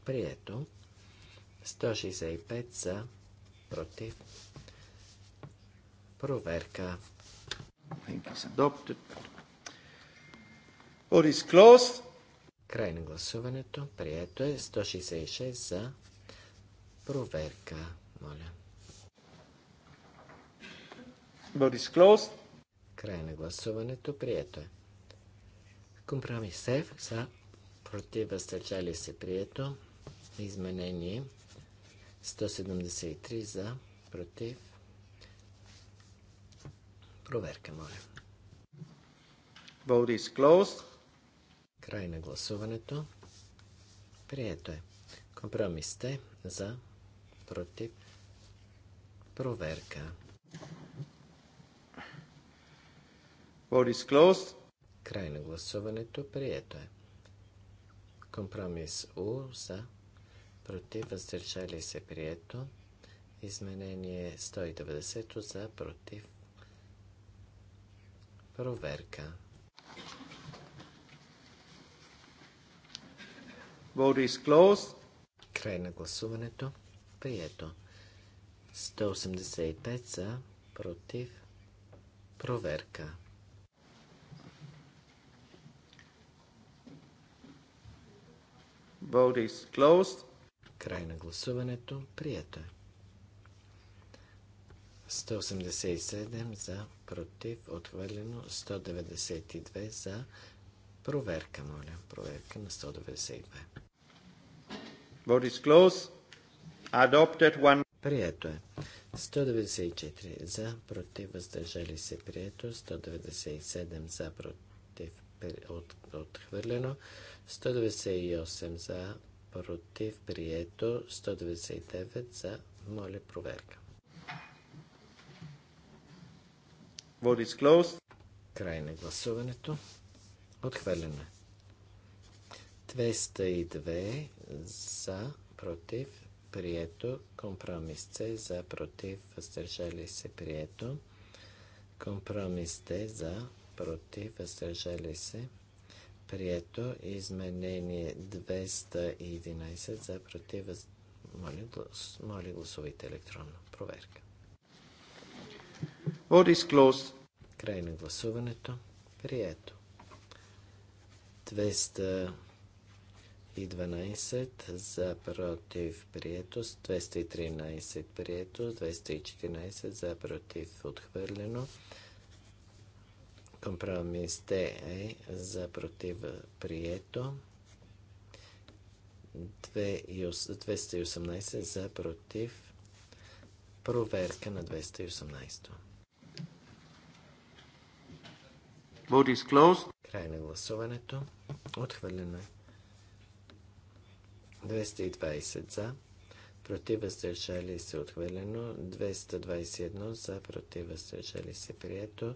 Прието. 165 за против. Проверка. Край на гласуването. Прието е 166 за проверка. Моля. Vote is closed. Край на гласуването. Прието е. Компромис F за против въздържали се. Прието. Изменение 173 за против. Проверка, моля. Vote is closed. Край на гласуването. Прието е. Компромисте за против. Проверка. Vote is closed. Край на гласуването. Прието е. Компромис У за. Против. Въздържали се. Прието. Изменение 190 за. Против. Проверка. Vote is closed. Край на гласуването. Прието. 185 за. Против. Проверка. Vote is closed. Край на гласуването. Прието е. 187 за, против, отхвърлено. 192 за. Проверка, моля. Проверка на 192. Vote is closed. Adopted one. Прието е. 194 за, против, въздържали се. Прието. 197 за, против от, отхвърлено. 198 за, против, прието. 199 за, моля проверка. Vote is closed. Край на гласуването. Отхвърлено е. 202 за, против, прието. Компромис С за, против, въздържали се, прието. Компромис Д за, против, въздържали се. Прието изменение 211 за против. Моля, гласовите гласувайте електронно. Проверка. Vote is closed. Край на гласуването. Прието. 212 за против прието, 213 прието, 214 за против отхвърлено, Компромис Д е за противоприето. 218 за против. Проверка на 218. Vote is closed. Край на гласуването. Отхвърлено е. 220 за. Против въздържали се отхвърлено. 221 за. Против въздържали се прието.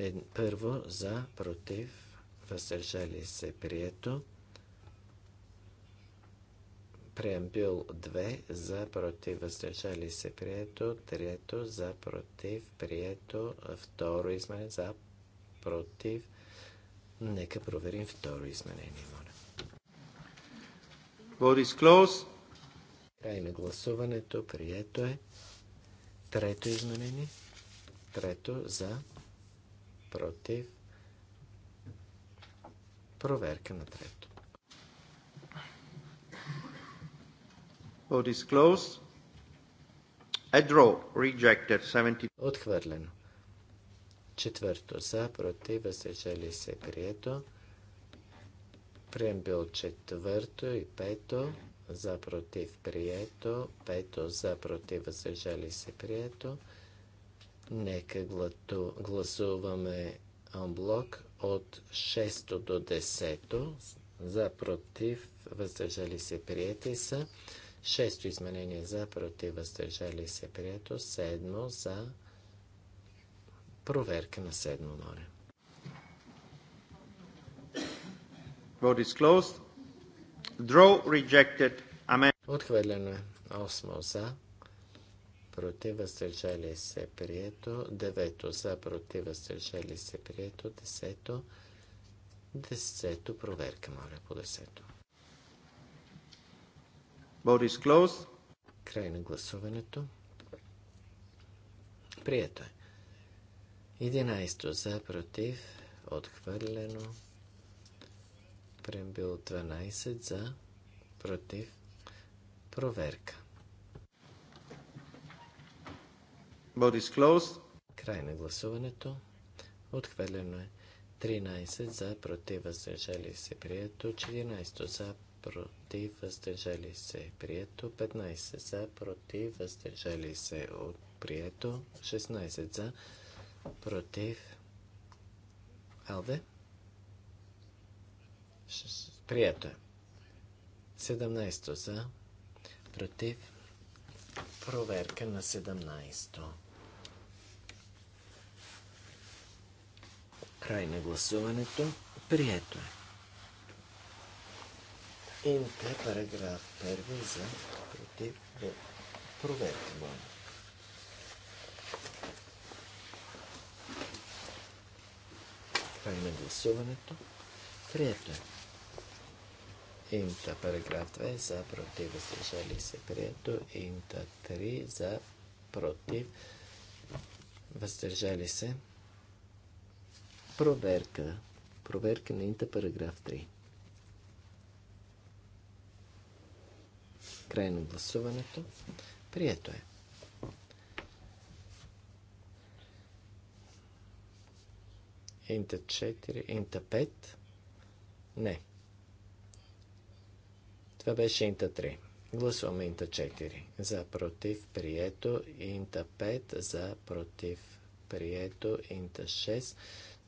Е, първо за, против, въздържали се, прието. Преамбюл 2 за, против, въздържали се, прието. Трето за, против, прието. Второ изменение за, против. Нека проверим второ изменение, моля. Борис Клоус. Край на гласуването, прието е. Трето изменение. Трето за, против. Проверка на трето. is A draw. Rejected. 70. Отхвърлено. Четвърто. За, против, въздържали се, прието. бил четвърто и пето. За, против, прието. Пето, за, против, въздържали се, прието. Нека гласуваме анблок от 6 до 10. За, против, въздържали се, приети са. 6 изменение за, против, въздържали се, прието. 7 за проверка на 7 море. Vote is closed. Draw rejected. Amen. Отхвърлено е. Осмо за, против, въздържали се, прието. Девето за, против, въздържали се, прието. Десето. Десето проверка, моля, по десето. Борис Клоус. Край на гласуването. Прието е. 11 за, против, отхвърлено. Прембил 12 за, против, проверка. Vote is closed. Край на гласуването. Отхвърлено е. 13 за, против, въздържали се, прието. 14 за, против, въздържали се, прието. 15 за, против, въздържали се, от прието. 16 за, против. Алде? Прието е. 17 за, против. Проверка на 17. Край на гласуването. Прието е. Инте, параграф 1 за против. Проверка, моля. Край на гласуването. Прието е. Инта параграф 2 за против въздържали се прието. Инта 3 за против въздържали се. Проверка. Проверка на инта параграф 3. Край на гласуването. Прието е. Инта 4, инта 5. Не. Това беше инта 3. Гласуваме инта 4. За против прието. Инта 5. За против прието. Инта 6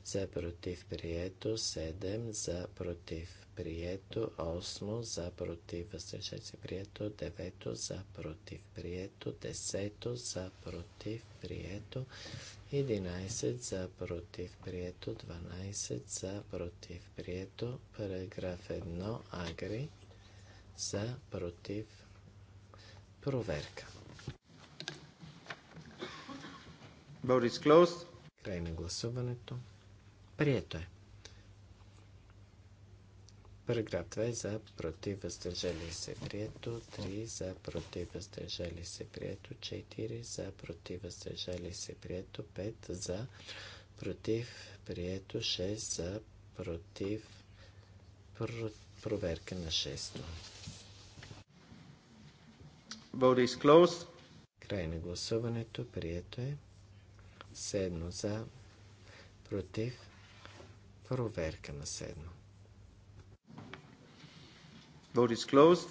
за против прието, 7 за против прието, 8 за против въздържали се прието, 9 за против прието, 10 за против прието, 11 за против прието, 12 за против прието, параграф 1 агри за против проверка. Vote is closed. Край на гласуването. Прието е. Параграф 2 за против въздържали се прието, 3 за против въздържали се прието, 4 за против въздържали се прието, 5 за против прието, 6 за против Про... проверка на 6. Vote is closed. Край на гласуването прието е. 7 за против Проверка на седно. Vote is closed.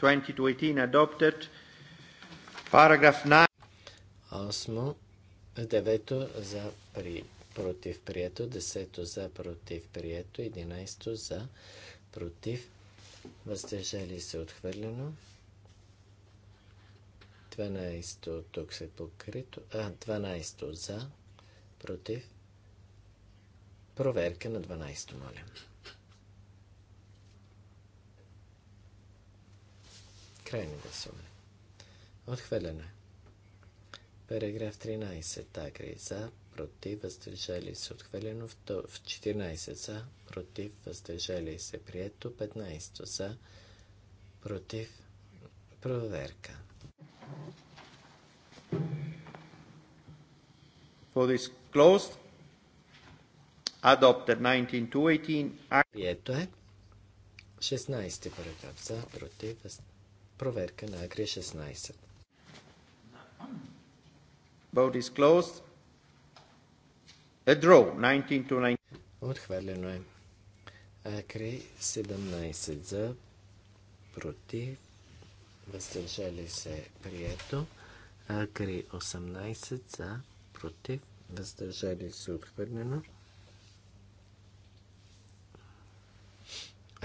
20 to 18 adopted. Параграф 9. Осмо. Девето за при, против прието. Десето за против прието. Единайсто за против. Въздържали се отхвърлено. 12 тук се покрито. А, 12 за, против, Проверка на 12-то, моля. Край на гласуване. Отхвърлено е. Параграф 13. Тагри за, против, въздържали се. Отхвърлено в 14 за, против, въздържали се. Прието 15 за, против, проверка. For this closed. Adopted 19 to Прието е. 16 параграф за, против, проверка на Агри 16. Vote is closed. A draw, Отхвърлено е. Акри 17 за, против, въздържали се, прието. Акри 18 за, против, въздържали се, отхвърлено.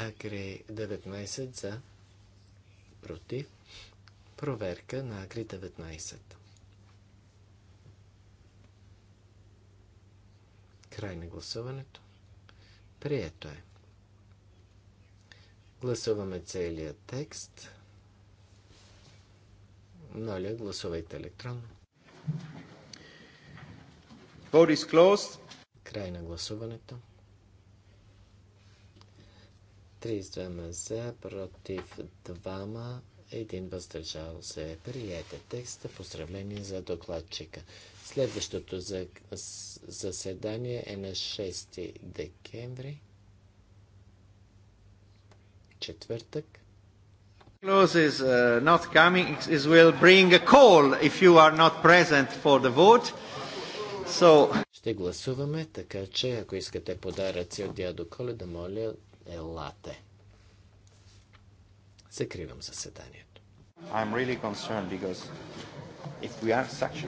Акри 19 за против. Проверка на Акри 19. Край на гласуването. Прието е. Гласуваме целият текст. Моля, гласувайте електронно. Vote is closed. Край на гласуването. 32 за, против 2, един въздържал се. Приете текста. Поздравление за докладчика. Следващото заседание е на 6 декември. Четвъртък. Closes uh, not coming. is will bring a call if you are not present for the vote. So... Ще гласуваме, така че ако искате подаръци от дядо Коледа, моля Елате. Закривам заседанието. I'm really concerned because if we are such